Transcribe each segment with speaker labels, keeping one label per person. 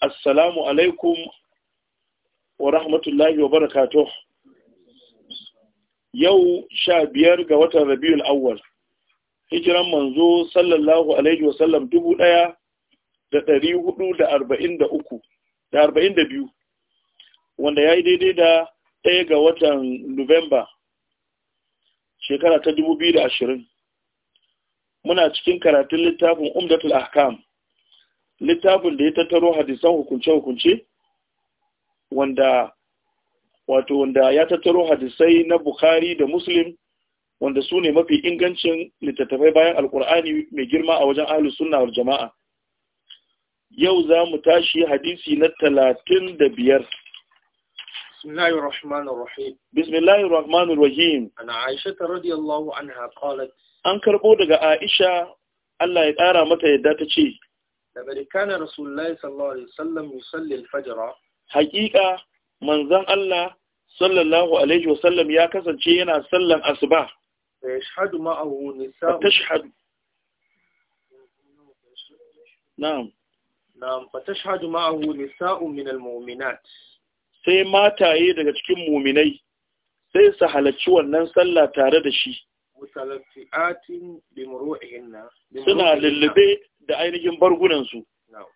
Speaker 1: assalamu alaikum wa rahmatullahi wa barakatuh yau sha biyar ga watan rabiul awwal hijiran manzo sallallahu alaihi wa sallam dubu ɗaya da dari hudu da arba'in da uku da arba'in da biyu wanda ya yi daidai da ɗaya ga watan nuwamba shekara ta dubu biyu da ashirin muna cikin karatun littafin umdatul ahkam littafin da ya tattaro hadisan hukunce-hukunce wanda wato wanda ya tattaro hadisai na Bukhari da Muslim wanda su ne mafi ingancin littattafai bayan alkur'ani mai girma a wajen ahalus sunna wal jama'a yau za mu tashi hadisi na talatin da biyar
Speaker 2: bismillahir rahmanir rahim
Speaker 1: bismillahir rahmanir rahim
Speaker 2: ana aisha radiyallahu anha qalat an karbo daga aisha Allah ya ƙara mata ta ce Da kana rasulullahi sallallahu alaihi wasallam yusalli al-fajr haqiqa manzon Allah
Speaker 1: sallallahu ya kasance yana sallan asuba
Speaker 2: yashhadu ma'ahu nisa'u tashhadu na'am na'am fa tashhadu ma'ahu nisa'u muminat sai mataye daga cikin
Speaker 1: mu'minai sai su halarci wannan sallah tare da shi
Speaker 2: suna lullube da ainihin bargunansu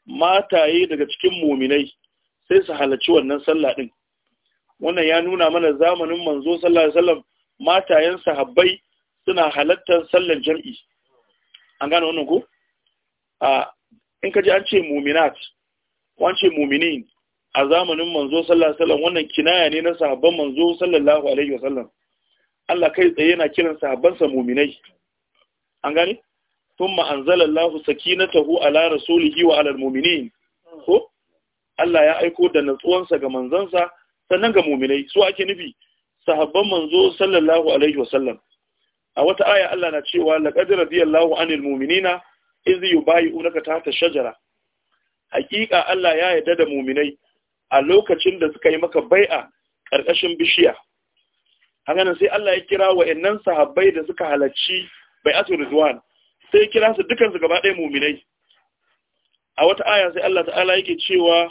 Speaker 1: mataye daga cikin muminai sai su halarci wannan sallah din wannan ya nuna mana zamanin manzo sallallahu alaihi wasallam matayen sahabbai suna halartar sallar jam'i an gane wannan ko a in ka ji an ce muminat an ce muminin a zamanin manzo sallallahu alaihi wasallam wannan kinaya ne na sahabban manzo sallallahu alaihi wasallam Allah kai tsaye yana kiran sahabbansa muminai an gani thumma anzala Allahu sakinatahu ala rasulihi wa ala almu'minin ko Allah ya aiko da natsuwansa ga manzansa sannan ga muminai su ake nufi sahabban manzo sallallahu alaihi wa sallam a wata aya Allah na cewa laqad radiyallahu anil mu'minina idh yubayyi'unaka tahta shajara hakika Allah ya yarda da muminai a lokacin da suka yi maka bai'a ƙarƙashin bishiya haka nan sai Allah ya kira wa'annan sahabbai da suka halarci bai asu rizwan sai ya kira su dukansu gaba ɗaya muminai a wata aya sai Allah ta'ala yake cewa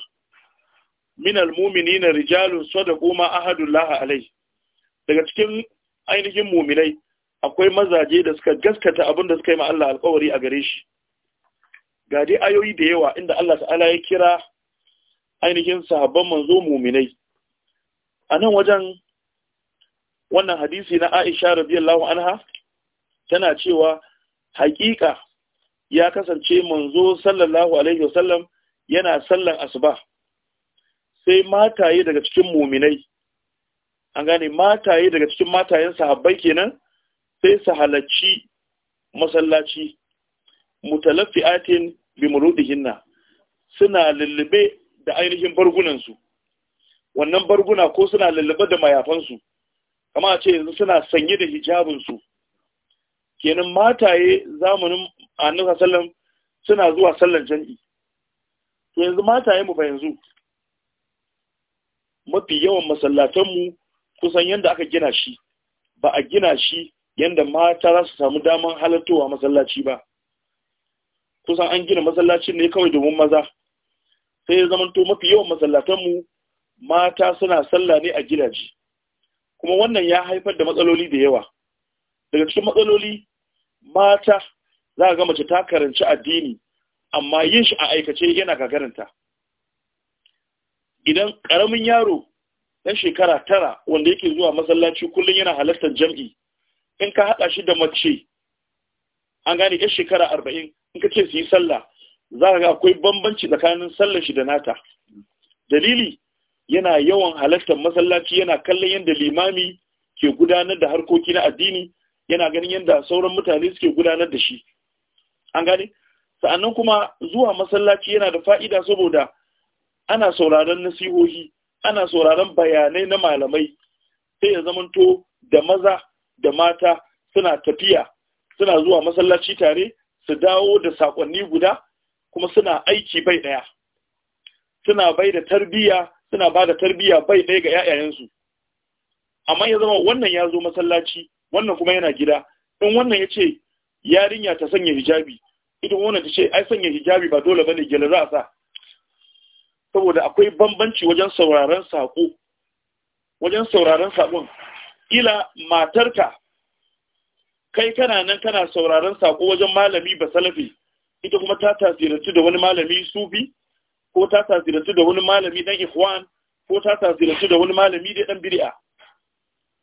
Speaker 1: minal muminina rijalun sadaqu ma ahadullahi alai daga cikin ainihin muminai akwai mazaje da suka gaskata abin da suka yi ma Allah alƙawari a gare shi ga dai ayoyi da yawa inda Allah ta'ala ya kira ainihin sahabban manzo muminai a nan wajen wannan hadisi na Aisha radiyallahu anha tana cewa haƙiƙa ya kasance manzo sallallahu alaihi wasallam yana sallan asuba sai mataye daga cikin muminai an gane mataye daga cikin matayen sahabbai kenan sai su halacci masallaci mutalaffi'atin bi murudihinna suna lullube da ainihin bargunansu wannan barguna ko suna lullube da mayafansu kama a ce yanzu suna sanye da hijabinsu kenan mataye zamanin annabi sallam suna zuwa sallan jan'i to yanzu mataye mu fa yanzu mafi yawan masallatanmu kusan yanda aka gina shi ba a gina shi yanda mata za su samu daman halartowa masallaci ba kusan an gina masallaci ne kawai domin maza sai ya zamanto mafi yawan masallatanmu mata suna sallah ne a gidaje kuma wannan ya haifar da matsaloli da yawa daga cikin matsaloli mata za ga mace ta karanci addini amma yin shi a aikace yana gagaranta idan ƙaramin yaro ɗan shekara tara wanda yake zuwa masallaci kullum yana halartar jam'i in ka haɗa shi da mace an gane yan shekara arba'in in ka ce su yi sallah za ga akwai bambanci tsakanin sallar shi da nata dalili yana yawan halartar masallaci yana kallon yadda limami ke gudanar da harkoki na addini yana ganin yadda sauran mutane suke gudanar da shi an gane sa'annan kuma zuwa masallaci yana da fa'ida saboda ana sauraron nasihohi ana sauraron bayanai na malamai sai ya zamanto da maza da mata suna tafiya suna zuwa masallaci tare su dawo da sakonni guda kuma suna aiki bai daya suna bai da tarbiyya suna ba da tarbiyya bai ɗaya ga 'ya'yayensu amma ya zama wannan ya zo masallaci wannan kuma yana gida in wannan ya ce yarinya ta sanya hijabi ita wannan ta ce ai sanya hijabi ba dole bane gele za a sa saboda akwai bambanci wajen sauraron saƙo, wajen sauraron saƙon, ila matarka kai kana nan kana sauraron saƙo wajen malami ba salafi ita kuma ta tasirantu da wani malami sufi ko ta tasirantu da wani malami dan ikhwan ko ta tasirantu da wani malami da dan bid'a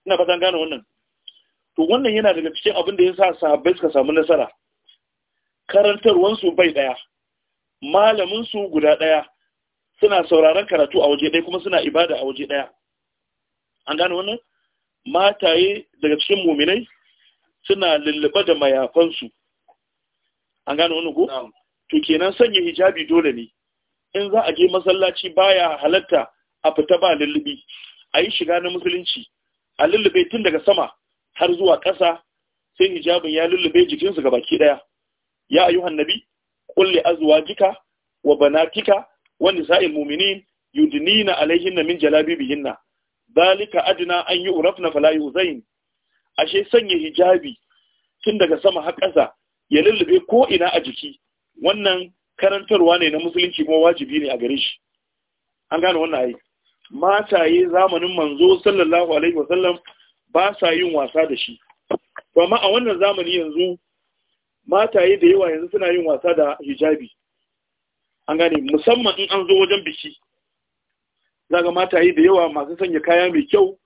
Speaker 1: ina san gane wannan to wannan yana daga cikin abin da yasa sahabbai suka samu nasara karantarwan su bai daya malamin su guda daya suna sauraron karatu a waje daya kuma suna ibada a waje daya an gane wannan mataye daga cikin muminai suna lullube da mayafansu an gane wannan ko to kenan sanya hijabi dole ne in za a je masallaci baya halatta a fita ba lullubi a yi shiga na musulunci a lullube tun daga sama har zuwa ƙasa sai hijabin ya lullube jikinsu ga baki ɗaya ya hannabi nabi kulli kika wa banatika wa nisa'il mu'minin yudnina alaihinna min jalabibihinna Dalika adina an yi na falayi yuzain ashe sanya hijabi tun daga sama har ƙasa ya lullube ko ina a jiki wannan karantarwa ne na musulunci kuma wajibi ne a gare shi an gane wannan ai mataye zamanin manzo sallallahu alaihi wasallam ba sa yin wasa da shi to amma a wannan zamani yanzu mataye da yawa yanzu suna yin wasa da hijabi an gane musamman in an zo wajen biki zaga mataye da yawa masu sanya kaya mai kyau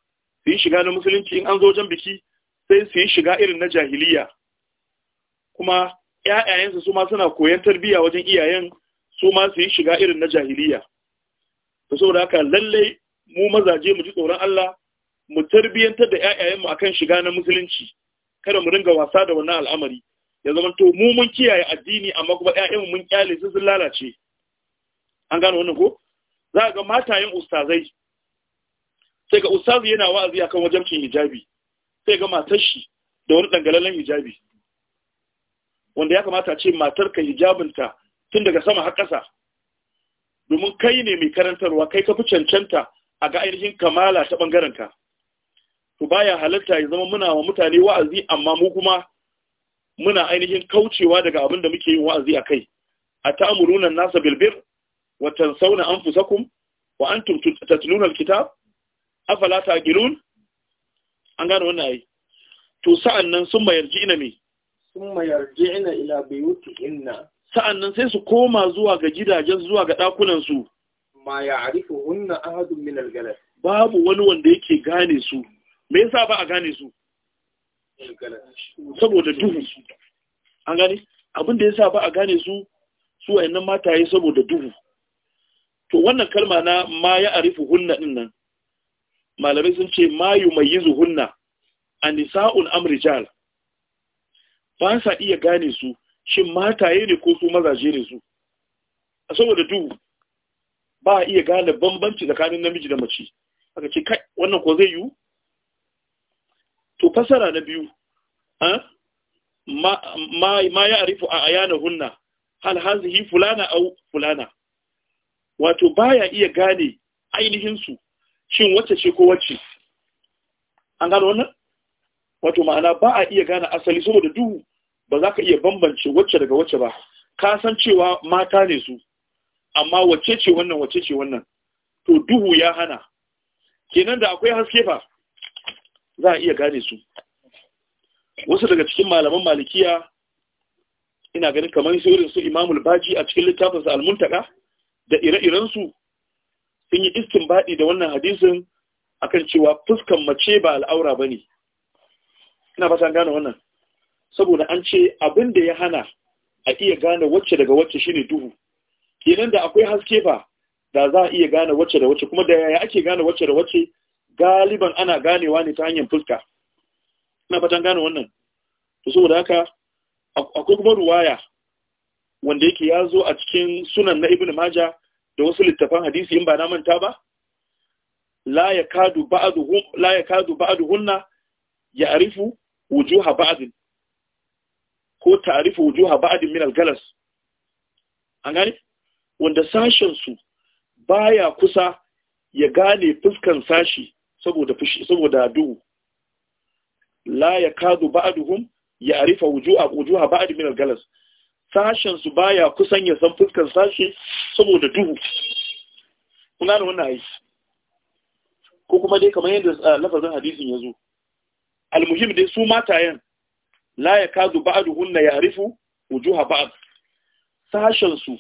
Speaker 1: su yi shiga na musulunci in an zo wajen biki sai su yi shiga irin na jahiliya kuma Ya'yayansa su ma suna koyon tarbiyya wajen iyayen su ma su yi shiga irin na jahiliya to saboda haka lallai mu mazaje mu ji tsoron Allah mu tarbiyyantar da ƴaƴayenmu akan shiga na musulunci kada mu ringa wasa da wannan al'amari ya zama to mu mun kiyaye addini amma kuma ƴaƴanmu mun kyale su sun lalace an gano wannan ko za ga matayen ustazai sai ga ustazi yana wa'azi akan wajen cin hijabi sai ga matar shi da wani dangalalen hijabi wanda ya kamata ce matar ka hijabinta tun daga sama har ƙasa domin kai ne mai karantarwa kai ka fi cancanta a ga ainihin kamala ta ɓangaren ka to baya halatta ya zama muna wa mutane wa'azi amma mu kuma muna ainihin kaucewa daga abin da muke yin wa'azi a kai a ta'amuruna nasa bilbir wa an anfusakum wa antum tatluna alkitab afala taqilun an gane wannan ai to sa'annan sun mayarci, ina me
Speaker 2: summa ina ila inna
Speaker 1: sa'annan sai su koma zuwa ga gidajen zuwa ga dakunan su ma hunna ahadun min al-galas babu wani wanda yake gane su me yasa ba a gane su saboda duhu an gane abin da yasa ba a gane su su wayannan mataye saboda duhu to wannan kalma na ma ya'rifuhunna din nan malamai sun ce ma hunna an nisa'un amrijal ba sa iya gane su shin mataye ne ko su mazaje ne su a saboda duhu ba a iya gane bambanci tsakanin namiji da mace aka ce kai wannan ko zai yiwu to fasara na biyu ma ya arifu a ayana hunna hal hazihi fulana au fulana wato baya iya gane ainihin su shin wacce ce ko wacce an gano wannan wato ma'ana ba a iya gane asali saboda duhu ba za ka iya bambance wacce daga wacce ba ka san cewa mata ne su amma wacce ce wannan wacce ce wannan to duhu ya hana kenan da akwai haske fa za a iya gane su wasu daga cikin malaman malikiya ina ganin kamar su irin su imamul baji a cikin littafin littafinsa almuntaka da ire iren su, sun yi iskin baɗi da wannan hadisin akan cewa fuskan mace ba al'aura ba ne ina fata gane wannan saboda an ce abin da ya hana a iya gane wacce daga wacce shine duhu kenan da akwai haske ba da za a iya gane wacce da wacce kuma da yaya ake gane wacce da wacce galiban ana ganewa ne ta hanyar fuska ina fatan gane wannan to saboda haka akwai kuma ruwaya wanda yake ya zo a cikin sunan na ibn maja da wasu littafan hadisi in ba na manta ba la ya kadu ba'adu hunna ya arifu wujuha ba'adin ko ta'rifu wujuha ba'd min al-galas an gani wanda sashen su baya kusa ya gane fuskan sashi saboda fushi saboda duhu la yakadu ba'duhum ya'rifa wujuha wujuha ba'd min al-galas sashen su baya kusan ya san fuskan sashi saboda duhu kuna da wannan ayi ko kuma dai kamar yadda ah, lafazin hadisin ya zo almuhim dai su matayen la yakadu ba'duhunna ya'rifu wujuha ba'd sashensu su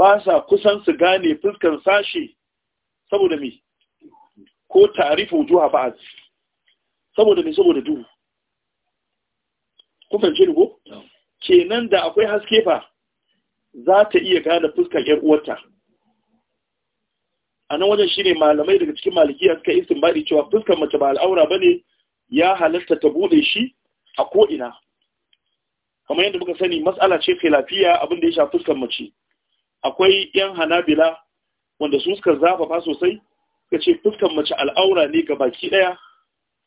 Speaker 1: ba sa kusan su gane fuskan sashe saboda me ko ta'rifu wujuha ba'd saboda me saboda duhu kun fahimce ni ko kenan da akwai haske fa za ta iya gane fuskar 'yar uwarta. A nan wajen shi ne malamai daga cikin malikiya suka yi baɗi cewa fuskar mace ba al'aura ba ne ya halatta ta buɗe shi a ko'ina. kamar yadda muka sani mas'ala ce filafiya abin da ya sha fuskar mace akwai yan hanabila wanda su suka zafafa sosai ka ce fuskar mace al'aura ne ga baki ɗaya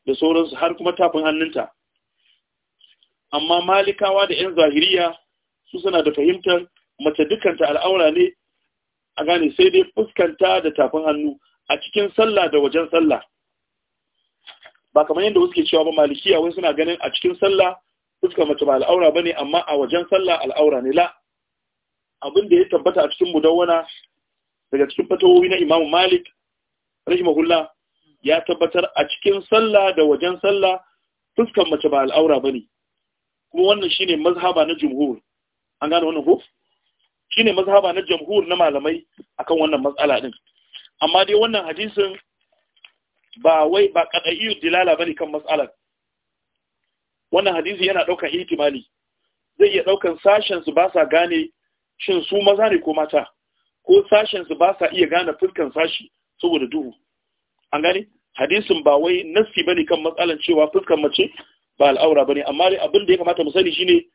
Speaker 1: da sauransu har kuma tafin hannunta amma malikawa da yan zahiriya su suna da fahimtar mace dukanta al'aura ne a gane sai dai fuskanta da tafin hannu a cikin sallah da wajen sallah ba kamar yadda suke cewa ba malikiya wai suna ganin a cikin sallah fuskar mace ba al'aura ba ne amma a wajen sallah al'aura ne la abin da ya tabbata a cikin mudawwana daga cikin fatawowi na imamu malik rahimahullah ya tabbatar a cikin sallah da wajen sallah fuskar mace ba al'aura ba ne kuma wannan shine mazhaba na jumhur an gane wannan ko shine mazhaba na jumhur na malamai akan wannan matsala din amma dai wannan hadisin ba wai ba kadaiyu dilala bane kan matsalar wannan hadisi yana ɗaukan ihtimali zai iya ɗaukan sashen su ba sa gane shin su maza ne ko mata ko sashen su ba sa iya gane fuskan sashi saboda duhu an gane hadisin ba wai nassi ne kan matsalan cewa fuskan mace ba al'aura ne. amma dai abin da ya kamata mu sani shine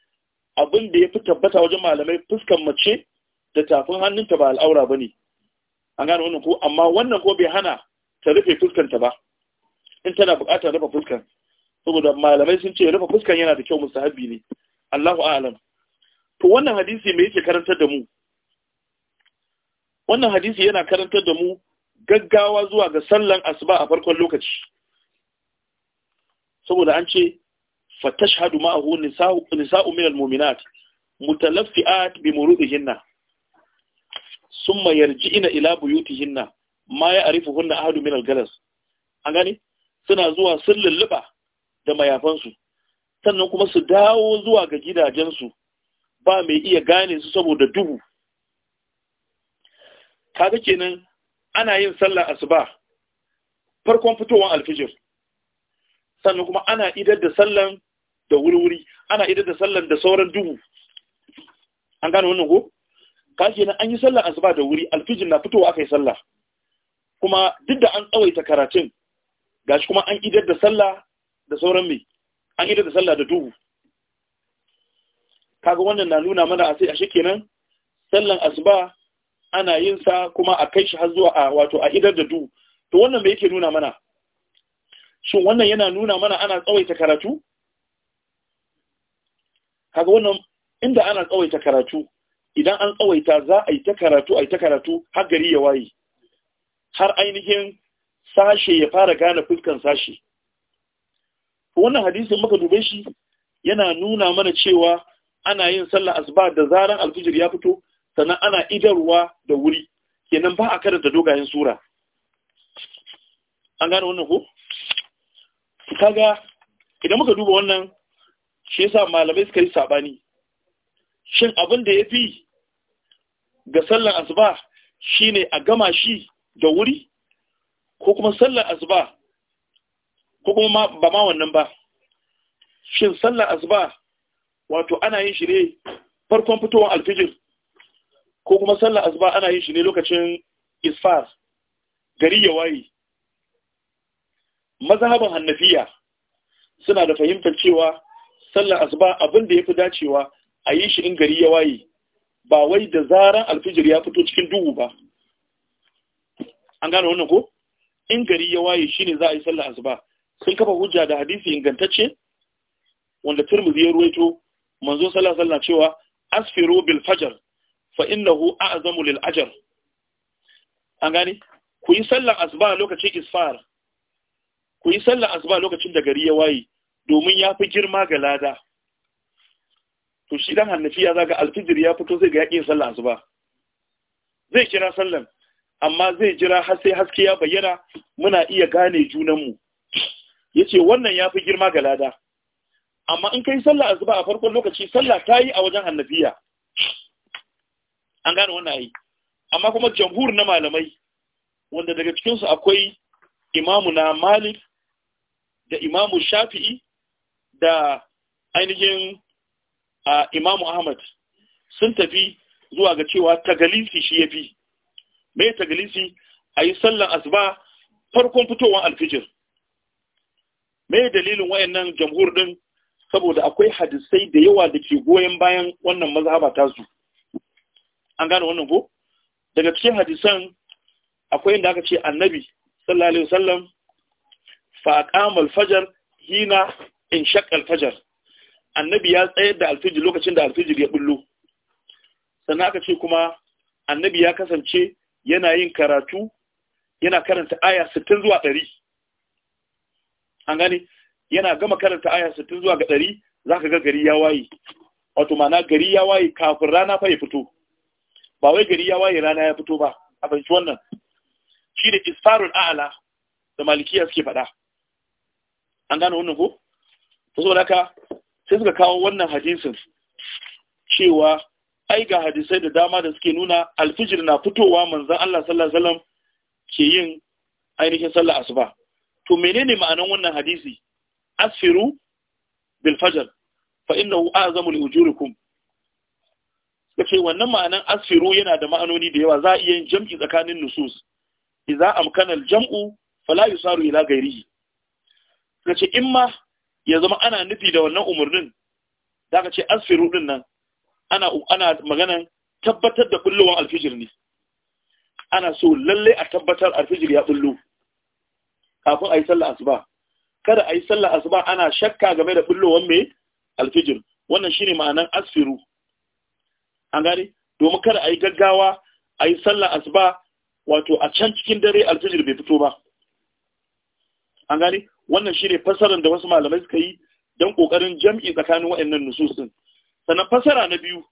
Speaker 1: abin da ya fi tabbata wajen malamai fuskan mace da tafin hannunta ba al'aura ne. an gane wannan ko amma wannan ko bai hana ta rufe fuskanta ba in tana buƙatar rufe fuskan saboda malamai sun ce rufe fuskan yana da kyau habi ne Allahu a'lam to wannan hadisi me yake karantar da mu wannan hadisi yana karantar da mu gaggawa zuwa ga sallan asuba a farkon lokaci saboda an ce fa tashhadu ma'ahu nisa'u min al mu'minat mutalaffi'at bi murudihinna summa yarji'ina ila buyutihinna ma ya'rifuhunna ahadu al galas an gane suna zuwa sun lulluba da mayafansu sannan kuma su dawo zuwa ga gidajensu ba mai iya gane su saboda duhu kaga kenan ana yin sallar asuba farkon fitowar alfijir sannan kuma ana idar da sallan da wuri-wuri ana idar da sallan da sauran duhu an gane wannan ko kashi kenan an yi sallar asuba da wuri alfijir na fitowa aka yi sallah kuma duk da an tsawaita karatun gashi kuma an idar da sallah da sauran mai an yi da sallah da duhu kaga wannan na nuna mana a sai a shikenan sallan asuba ana yin sa kuma a kai shi har zuwa a wato a idar da duhu to wannan me yake nuna mana shin wannan yana nuna mana ana tsawaita karatu kaga wannan inda ana tsawaita karatu idan an tsawaita za a yi ta karatu a yi ta karatu har gari ya waye har ainihin sashe ya fara gane fuskan sashe wannan hadisin muka dube shi yana nuna mana cewa ana yin sallar asuba da zaran alfijir ya fito sannan ana idarwa da wuri kenan ba a karanta dogayen sura an gane wannan ko kaga idan muka duba wannan shi yasa malamai suka yi sabani shin abin da ya fi ga sallar asuba shine a gama shi da wuri ko kuma sallar asuba ko kuma ba ma wannan ba shin sallar asuba wato ana yin shi ne farkon fitowar alfijir ko kuma sallar asuba ana yin shi ne lokacin isfar gari ya waye mazhabin hannafiya suna da fahimtar cewa sallar asuba abin da yafi dacewa a yi shi in gari ya waye ba wai da zaran alfijir ya fito cikin duhu ba an gane wannan ko in gari ya waye shine za a yi sallar asuba sun kafa hujja da hadisi ingantacce wanda turmuzi ya ruwaito manzo sallallahu alaihi cewa asfiru bil fajr fa innahu a'zamu lil ajr an gani ku yi sallar asuba lokacin isfar ku yi sallar asuba lokacin da gari ya waye domin ya fi girma ga lada to shi dan ya zaga alfijir ya fito zai ga yaƙin sallar asuba zai kira sallan amma zai jira har sai haske ya bayyana muna iya gane junanmu Ya ce wannan ya fi girma ga lada amma in yi sallah azuba a farkon lokaci sallah ta yi a wajen annabiya an gane wannan ayi amma kuma jamhur na malamai wanda daga cikinsu akwai imamu na malik da imamu shafi'i da ainihin imamu ahmad sun tafi zuwa ga cewa tagalisi shi ya fi mai tagalisi a yi sallan asuba farkon fitowar alfijir me dalilin wayannan jamhur din saboda akwai hadisai da yawa da ke goyon bayan wannan mazhaba ta su an gane wannan ko daga cikin hadisan akwai inda aka ce annabi sallallahu alaihi wasallam fa aqama al-fajr hina in shaqqa al-fajr annabi ya tsayar da alfijir lokacin da alfijir ya bullo sannan aka ce kuma annabi ya kasance yana yin karatu yana karanta aya 60 zuwa 100 an gane yana gama karanta aya 60 zuwa ga 100 zaka ga gari ya waye wato ma'ana gari ya waye kafin rana fa ya fito ba wai gari ya waye rana ya fito ba a fahimci wannan shi da isfarul a'la da malikiya suke faɗa an gane wannan ko to saboda haka sai suka kawo wannan hadisin cewa ai ga hadisai da dama da suke nuna alfijir na fitowa manzon Allah sallallahu alaihi wasallam ke yin ainihin sallar asuba to menene ma'anan wannan hadisi asfiru bil fajr fa innahu a'zamu li ujurikum kace wannan ma'anan asfiru yana da ma'anoni da yawa za a iya yin jam'i tsakanin nusus idza amkana al jam'u fala yusaru ila ghairihi kace imma ya zama ana nufi da wannan umurnin zaka ce asfiru din nan ana ana maganan tabbatar da bullowan alfijir ne ana so lalle a tabbatar alfijir ya bullo kafin a yi sallar asuba kada a yi sallar asuba ana shakka game da bullowar mai alfijir wannan shine ma'anan asfiru an gane domin kada a yi gaggawa a yi sallar asuba wato a can cikin dare alfijir bai fito ba an gane wannan shine fasarar da wasu malamai suka yi don kokarin jam'i tsakanin waɗannan nususin sannan fasara na biyu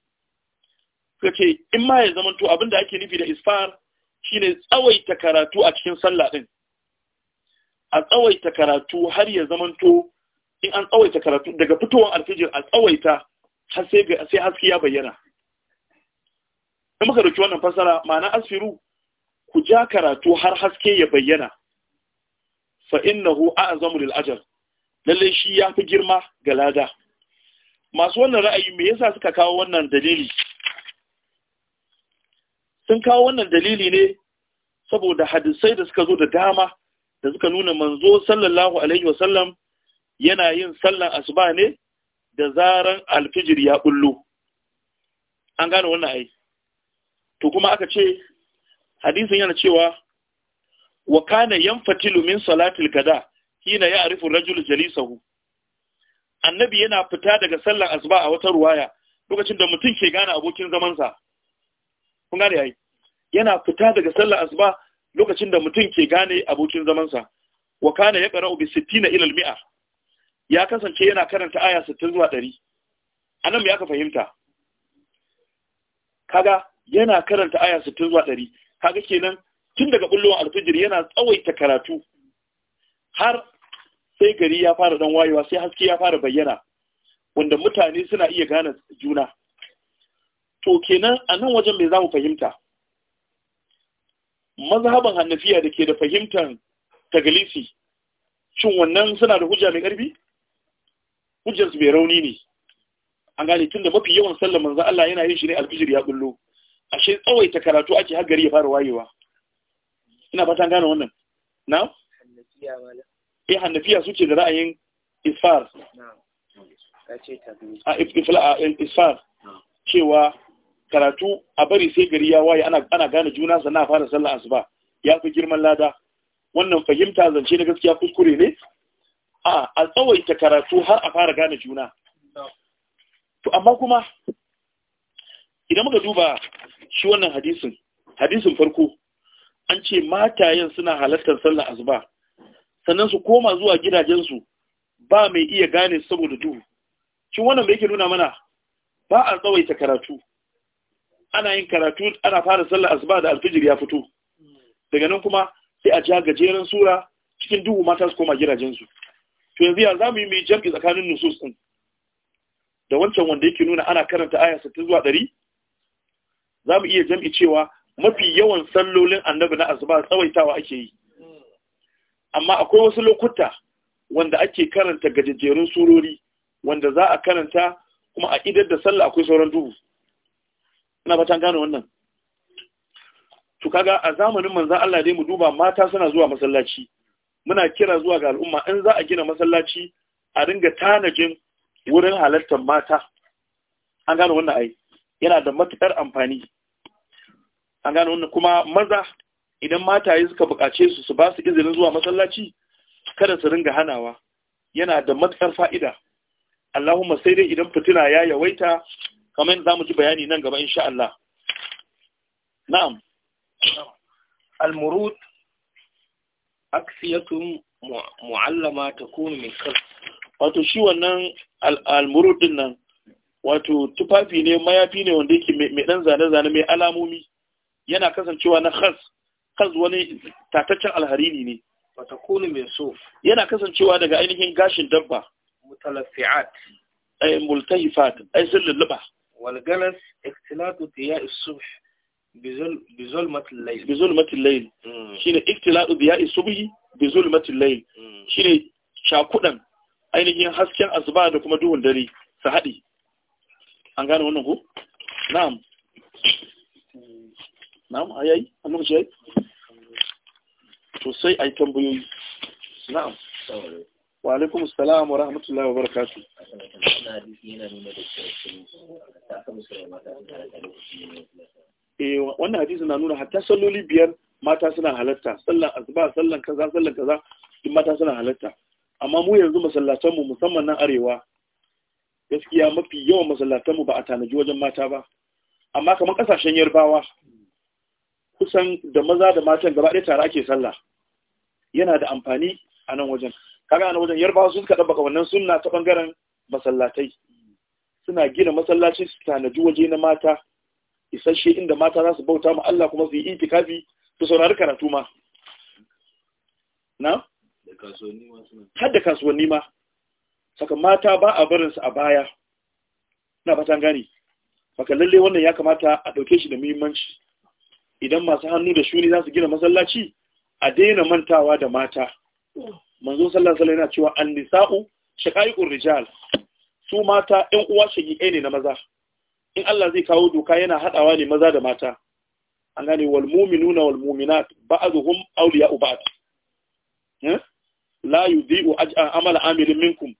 Speaker 1: suka ce in ma ya zamanto abin da ake nufi da isfar shine tsawaita karatu a cikin sallah din a tsawaita karatu har ya zamanto in an tsawaita karatu daga fitowar alfijir a tsawaita har sai haske ya bayyana in muka dauki wannan fasara ma'ana asfiru ku ja karatu har haske ya bayyana fa innahu a'zamu lil ajr lalle shi ya fi girma ga lada masu wannan ra'ayi me yasa suka kawo wannan dalili sun kawo wannan dalili ne saboda hadisai da suka zo da dama da suka nuna manzo sallallahu alaihi wasallam yana yin sallan asuba ne da zaran alfijir ya bullo an gane wannan ai to kuma aka ce hadisin yana cewa wa kana yanfatilu min salatil kada hina ya'rifu rajul jalisahu annabi yana fita daga sallar asuba a wata ruwaya lokacin da mutum ke gane abokin zamansa kun gane ai yana fita daga sallar asuba lokacin da mutum ke gane abokin zamansa wa kana ya qara'u bi 60 ila mia ya kasance yana karanta aya 60 zuwa 100 anan me aka fahimta kaga yana karanta aya 60 zuwa 100 kaga kenan tun daga bullowar alfijir yana tsawaita karatu har sai gari ya fara dan wayewa sai haske ya fara bayyana wanda mutane suna iya gane juna to kenan anan wajen mai za mu fahimta mazhaban hannafiya da ke da fahimtar tagalisi cin wannan suna da hujja mai ƙarfi hujjarsu mai rauni ne an gane tun da mafi yawan sallar manzo Allah yana yin shi ne alfijir ya kullo ashe tsawaita karatu ake har gari ya fara wayewa ina fata gane wannan na eh hannafiya suke da ra'ayin isfar a ah, isfar cewa karatu a bari sai gari ya waye ana gane juna sannan a fara sallar asuba ya fi girman lada wannan fahimta zance na gaskiya kuskure ne a a tsawaita karatu har a fara gane juna to amma kuma idan muka duba shi wannan hadisin hadisin farko an ce matayen suna halartar sallar asuba sannan su koma zuwa gidajensu ba mai iya gane saboda duhu shi wannan bai ke nuna mana ba a tsawaita karatu ana yin karatu ana fara sallar asuba da alfijir ya fito daga nan kuma sai a ja gajeren sura cikin duhu mata su koma gidajensu to yanzu ya za yi mai jam'i tsakanin nusus ɗin da wancan wanda yake nuna ana karanta aya 60 zuwa ɗari? za mu iya jam'i cewa mafi yawan sallolin annabi na asuba tsawaitawa ake yi amma akwai wasu lokuta wanda ake karanta gajejjerun surori wanda za a karanta kuma a idar da sallah akwai sauran duhu ina fatan gane wannan to kaga a zamanin manzon Allah dai mu duba mata suna zuwa masallaci muna kira zuwa ga al'umma in za a gina masallaci a ringa tanajin wurin halartar mata an gane wannan ai yana da matukar amfani an gane wannan kuma maza idan mataye suka buƙace su su ba su izinin zuwa masallaci kada su ringa hanawa yana da matukar fa'ida Allahumma sai dai idan fitina ya yawaita kamar
Speaker 2: za mu ji bayani nan gaba insha Allah na'am al-murud aksiyatun mu'allama takunu mai
Speaker 1: kar. wato shi wannan al-murud din nan wato tufafi ne mayafi ne wanda yake mai dan zane-zane mai alamomi yana kasancewa na khas khas wani tataccen alharini ne wata kone mai so. yana kasancewa daga ainihin gashin dabba
Speaker 2: Mutalafi'at. ay
Speaker 1: multahifat ay sun lulluɓa.
Speaker 2: والجلس اختلاط ضياء الصبح بظلمة الليل بظلمة الليل
Speaker 1: شنو اختلاط ضياء الصبح بظلمة الليل شنو شاكودن ainihin hasken asuba da kuma duhun dare su haɗi an gane wannan ko na'am na'am ayayi an lokaci yayi to sai ai wa alaikum assalam wa rahmatullahi wa barakatu. eh wannan hadisi na nuna hatta salloli biyar mata suna halatta sallan asuba sallan kaza sallan kaza duk mata suna halatta amma mu yanzu masallatan mu musamman nan arewa gaskiya mafi yawan masallatan mu ba a tanaji wajen mata ba amma kamar kasashen yarbawa kusan da maza da matan gaba ɗaya tare ake sallah yana da amfani a nan wajen kaga ana wajen yarbawa su suka ɗabbaka wannan sunna ta ɓangaren masallatai suna gina masallaci su tanaji waje na mata isasshe inda mata za su bauta ma Allah kuma su yi itikafi su saurari karatu ma na? har kasuwanni ma saka mata ba a barinsu a baya na fata gani maka lalle wannan ya kamata a ɗauke shi da muhimmanci idan masu hannu da shuni za su gina masallaci a daina mantawa da mata manzo sallallahu alaihi yana cewa an-nisa'u shaqaiqur rijal su mata ɗan uwa shagi'ai ne na maza in Allah zai kawo doka yana hadawa ne maza da mata an gane wal mu'minuna wal mu'minat ba'dhum awliya'u ba'd eh? la yudhi'u ajran amala amilin minkum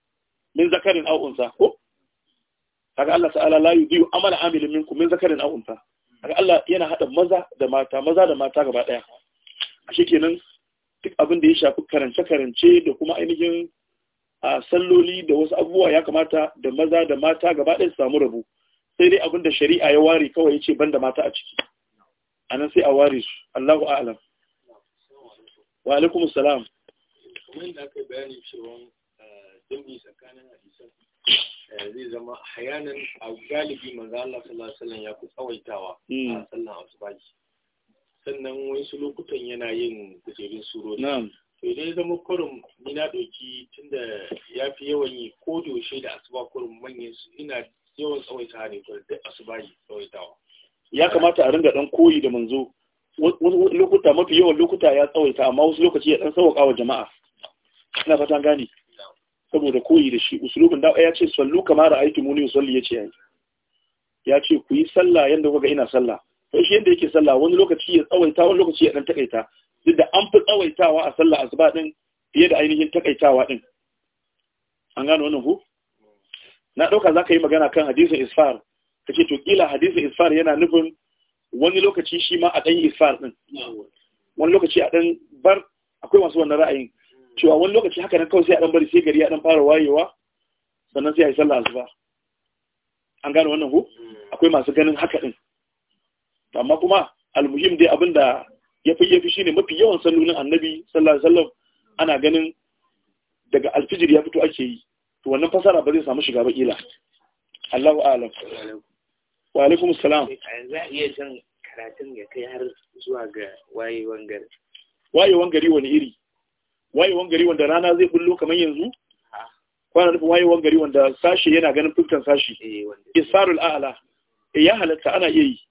Speaker 1: min zakarin aw unsa ko kaga Allah ta'ala la yudhi'u amala amilin minkum min zakarin aw unsa kaga Allah yana hada maza da mata maza da mata gaba daya ashe kenan duk abin da ya shafi karance-karance da kuma ainihin a salloli da wasu abubuwa ya kamata da maza da mata gaba ɗaya su samu rabu sai dai abin da shari'a ya ware kawai ya ce ban da mata a ciki a nan sai a ware su Allahu a'alam wa alaikum salam
Speaker 2: aka bayani cewa dangi tsakanin zai zama hayanan a galibi manzo Allah sallallahu ya ku tsawaitawa hmm. a sallan baki. sannan wasu lokutan yana yin suro ne. to dai zama kurum ni na ɗauki tunda ya fi yawan yi ko yaushe da asuba kurum manyan su ina yawan tsawaita ne kurum duk asuba yi tsawaitawa
Speaker 1: ya kamata a ringa ɗan koyi da manzo wasu lokuta mafi yawan lokuta ya tsawaita amma wasu lokaci ya ɗan sauƙa wa jama'a ina fatan gane saboda koyi da shi usulubin da ya ce sallu kamar aiki muni usalli ya ce ya ce ku yi sallah yadda kuka ina sallah sai shi yadda yake sallah wani lokaci ya tsawaita wani lokaci ya dan takaita duk da an fi tsawaitawa a sallah asuba din fiye da ainihin takaitawa din an gano wannan ku na dauka zaka yi magana kan hadisin isfar kace to kila hadisin isfar yana nufin wani lokaci shi ma a dan isfar din wani lokaci a dan bar akwai masu wannan ra'ayin cewa wani lokaci haka nan kawai sai a dan bari sai gari ya dan fara wayewa sannan sai a yi sallah asuba an gano wannan ku akwai masu ganin haka din amma kuma almuhim dai abinda ya fi yafi shine mafi yawan sallolin annabi sallallahu alaihi wasallam ana ganin daga alfijir ya fito ake yi to wannan fasara ba zai samu shiga ba ila Allahu a'lam wa alaikum salam
Speaker 2: za iya jan karatun ya kai har zuwa ga wayewan gari
Speaker 1: wayewan gari wani iri wayewan gari wanda rana zai bullo kamar yanzu kwana nufin wayewan gari wanda sashe yana ganin fuskan sashe eh, isarul a'la eh, ya halatta ana iya yi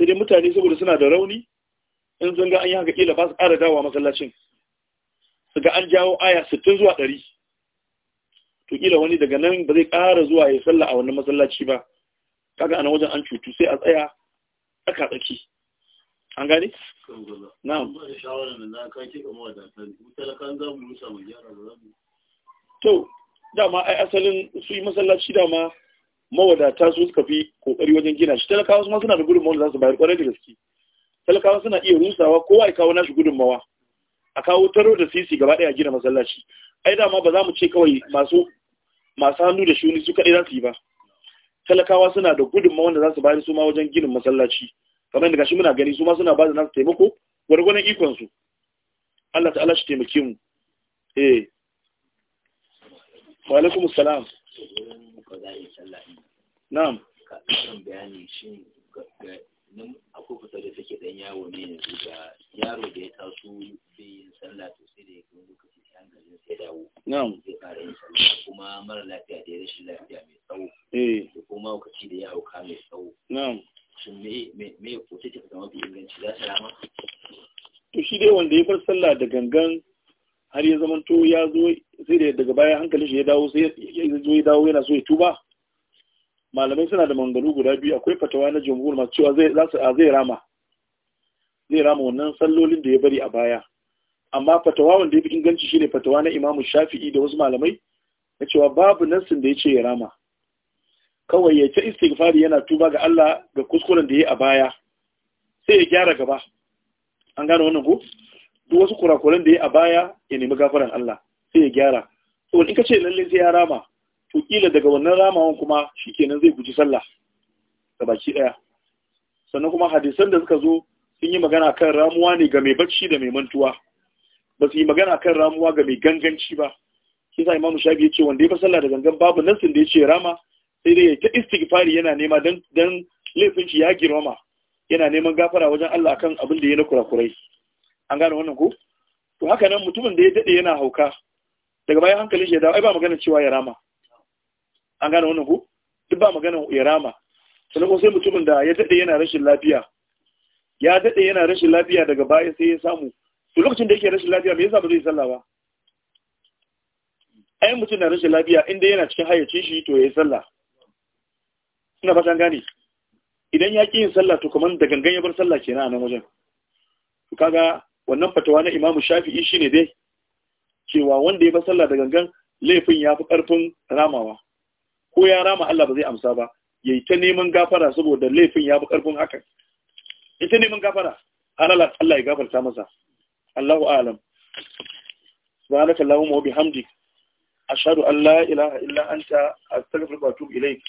Speaker 1: sai dai mutane saboda suna da rauni in sun ga an yi haka kila ba su ƙara dawa masallacin su ga an jawo aya sittin zuwa ɗari to kila wani daga nan ba zai ƙara zuwa ya sallah a wannan masallaci ba kaga ana wajen an cutu sai a tsaya tsaka tsaki an gane? na'am to dama ai asalin su yi masallaci dama mawadata su suka fi kokari wajen gina shi talakawa su ma suna da gudunmawa da za su bayar kwarai da gaske talakawa suna iya rusawa kowa ya kawo nashi gudunmawa a kawo taro da sisi gaba daya gina masallaci ai dama ba za mu ce kawai masu masu hannu da shuni su kaɗai za su yi ba talakawa suna da gudunmawa da za su bayar su ma wajen ginin masallaci kamar yadda gashi muna gani su ma suna ba da nasu taimako gwargwanon ikon su Allah ta'ala shi taimake mu eh wa alaikumus salam
Speaker 2: wurin ba za a yi ne bayani akwai da take dan yawo ne yanzu ga yaro da ya taso bai yin sallah sai da ya kai lokaci dawo na'am fara yin sallah kuma mara lafiya da ya rashin lafiya mai tsawo eh. da ya mai tsawo shin me inganci za ta
Speaker 1: dai wanda ya bar sallah da gangan har ya zamanto ya zo sai da daga baya hankalin shi ya dawo sai ya zo ya dawo yana so ya tuba malamai suna da mangalu guda biyu akwai fatawa na jamhur masu cewa zai za su zai rama zai rama wannan sallolin da ya bari a baya amma fatawa wanda ya fi inganci shine fatawa na Imamu Shafi'i da wasu malamai na cewa babu nassin da ya ce ya rama kawai ya ta istighfari yana tuba ga Allah ga kuskuren da ya yi a baya sai ya gyara gaba an gane wannan ko duk wasu kurakuran da ya a baya ya nemi gafaran Allah sai ya gyara to in ka ce lalle sai ya rama to kila daga wannan ramawan kuma shikenan zai guji sallah ga baki daya sannan kuma hadisan da suka zo sun yi magana kan ramuwa ne ga mai bacci da mai mantuwa ba su yi magana kan ramuwa ga mai ganganci ba shi sa imamu shafi ya ce wanda ya fa sallah da gangan babu nassin da ya ce rama sai dai ya ta istighfari yana nema dan dan laifin shi ya girma, yana neman gafara wajen Allah akan abin da ya na kurakurai an gane wannan ko to haka nan mutumin da ya dade yana hauka daga bayan hankali shi ya dawo ai ba magana cewa ya rama an gane wannan ko duk ba magana ya rama sannan ko sai mutumin da ya dade yana rashin lafiya ya dade yana rashin lafiya daga baya sai ya samu to lokacin da yake rashin lafiya me yasa ba zai sallah ba ai mutum na rashin lafiya inda yana cikin hayyacin shi to yayi sallah ina fatan gane idan ya ƙi yin sallah to kamar da gangan ya bar sallah kenan a nan wajen to kaga wannan fatawa na imamu shafi'i shine dai cewa wanda ya sallah da gangan laifin ya fi ƙarfin ramawa ko ya rama Allah ba zai amsa ba ya yi ta neman gafara saboda laifin ya fi ƙarfin hakan ita neman gafara halala Allah ya gafarta masa Allahu alam subhanaka allahumma wa bihamdik ashhadu an la ilaha illa anta astaghfiruka wa atubu ilai.